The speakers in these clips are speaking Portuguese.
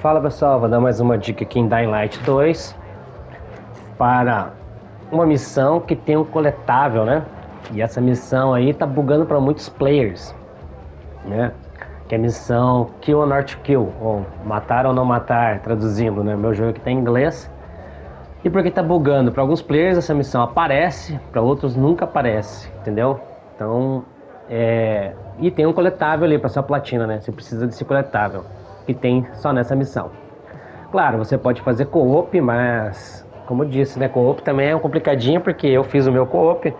Fala pessoal, vou dar mais uma dica aqui em Dying Light 2 para uma missão que tem um coletável, né? E essa missão aí tá bugando para muitos players, né? Que é a missão Kill or Not Kill, ou Matar ou Não Matar, traduzindo, né? Meu jogo que tá em inglês. E porque tá bugando? Para alguns players essa missão aparece, para outros nunca aparece, entendeu? Então, é... E tem um coletável ali para sua platina, né? Você precisa desse coletável que tem só nessa missão. Claro, você pode fazer co-op, mas como eu disse, né, co-op também é um complicadinho porque eu fiz o meu co-op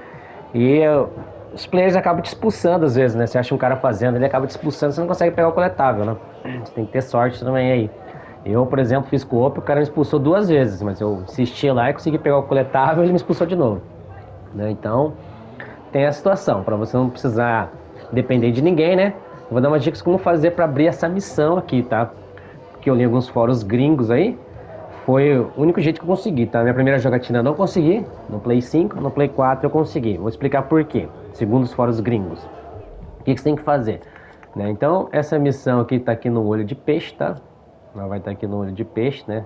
e eu, os players acabam te expulsando às vezes, né? Você acha um cara fazendo, ele acaba te expulsando, você não consegue pegar o coletável, né? Você tem que ter sorte também aí. Eu, por exemplo, fiz co-op, o cara me expulsou duas vezes, mas eu insisti lá e consegui pegar o coletável e ele me expulsou de novo. Né? Então, tem a situação, para você não precisar depender de ninguém, né? Vou dar umas dicas como fazer para abrir essa missão aqui, tá? Porque eu li alguns fóruns gringos aí. Foi o único jeito que eu consegui, tá? Minha primeira jogatina eu não consegui. No Play 5, no Play 4 eu consegui. Vou explicar por quê, segundo os fóruns gringos. O que, que você tem que fazer? Né? Então, essa missão aqui tá aqui no olho de peixe, tá? Ela vai estar tá aqui no olho de peixe, né?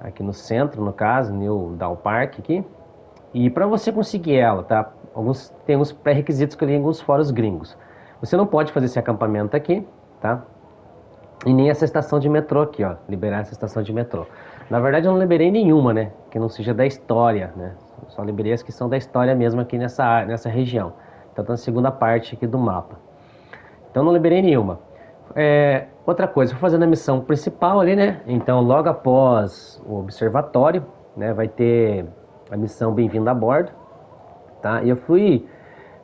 Aqui no centro, no caso, New né, Down Park aqui. E para você conseguir ela, tá? Alguns, tem uns pré-requisitos que eu li em alguns fóruns gringos. Você não pode fazer esse acampamento aqui, tá? E nem essa estação de metrô aqui, ó. Liberar essa estação de metrô. Na verdade, eu não liberei nenhuma, né? Que não seja da história, né? só liberei as que são da história mesmo aqui nessa, nessa região. Então, tá na segunda parte aqui do mapa. Então, não liberei nenhuma. É, outra coisa, vou fazendo a missão principal ali, né? Então, logo após o observatório, né? Vai ter a missão Bem-vindo a Bordo, tá? E eu fui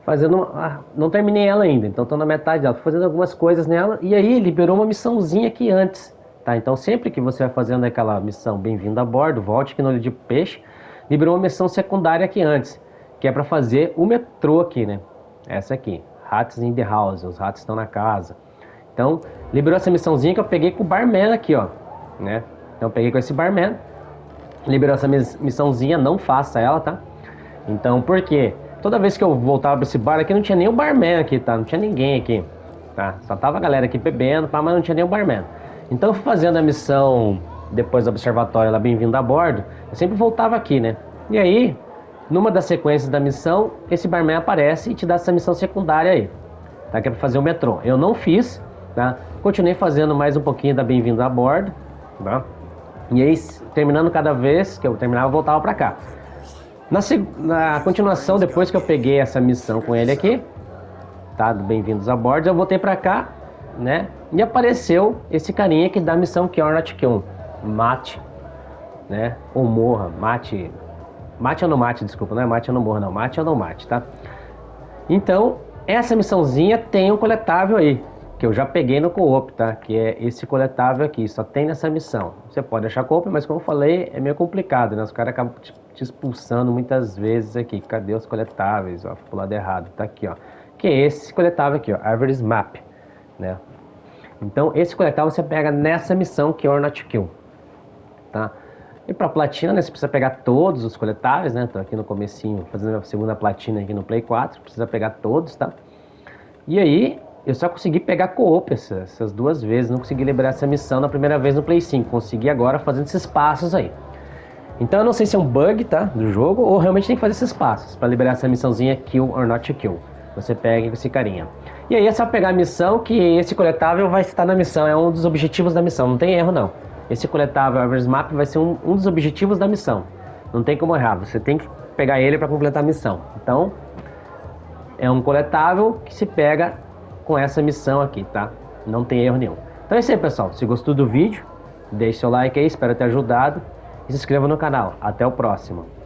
fazendo uma, ah, não terminei ela ainda, então estou na metade dela, fazendo algumas coisas nela e aí liberou uma missãozinha aqui antes, tá? Então sempre que você vai fazendo aquela missão bem-vindo a bordo, volte aqui no olho de peixe, liberou uma missão secundária aqui antes, que é para fazer o metrô aqui, né? Essa aqui, Rats in the House, os ratos estão na casa. Então liberou essa missãozinha que eu peguei com o barman aqui, ó, né? Então peguei com esse barman, liberou essa missãozinha, não faça ela, tá? Então por quê? Toda vez que eu voltava para esse bar aqui, não tinha nem o barman aqui, tá? Não tinha ninguém aqui, tá? Só tava a galera aqui bebendo, mas não tinha nem o barman. Então, fazendo a missão depois do observatório lá, bem-vindo a bordo, eu sempre voltava aqui, né? E aí, numa das sequências da missão, esse barman aparece e te dá essa missão secundária aí, tá? Que é pra fazer o metrô. Eu não fiz, tá? Continuei fazendo mais um pouquinho da Bem-vindo a Bordo, tá? E aí, terminando cada vez que eu terminava, eu voltava para cá. Na, na, continuação, depois que eu peguei essa missão com ele aqui, tá? Bem-vindos a bordo, eu voltei pra cá, né? E apareceu esse carinha que dá a missão que é Mate, né? Ou morra, mate. Mate ou não mate, desculpa, não é mate ou não morra, não. Mate ou não mate, tá? Então, essa missãozinha tem um coletável aí que eu já peguei no co-op, tá? Que é esse coletável aqui, só tem nessa missão. Você pode achar co-op, mas como eu falei, é meio complicado, né? Os caras acabam te, expulsando muitas vezes aqui. Cadê os coletáveis? Ó, pro lado errado, tá aqui, ó. Que é esse coletável aqui, ó, Average Map, né? Então, esse coletável você pega nessa missão que é o Kill, tá? E para platina, né, você precisa pegar todos os coletáveis, né? Tô aqui no comecinho, fazendo a segunda platina aqui no Play 4, precisa pegar todos, tá? E aí, eu só consegui pegar co-op essas, essas, duas vezes, não consegui liberar essa missão na primeira vez no Play 5. Consegui agora fazendo esses passos aí. Então eu não sei se é um bug, tá? Do jogo, ou realmente tem que fazer esses passos para liberar essa missãozinha Kill or Not Kill. Você pega esse carinha. E aí é só pegar a missão, que esse coletável vai estar na missão, é um dos objetivos da missão, não tem erro não. Esse coletável, Average Map, vai ser um, um dos objetivos da missão. Não tem como errar, você tem que pegar ele para completar a missão. Então, é um coletável que se pega com essa missão aqui, tá? Não tem erro nenhum. Então é isso aí, pessoal. Se gostou do vídeo, deixe seu like aí, espero ter ajudado. E se inscreva no canal. Até o próximo.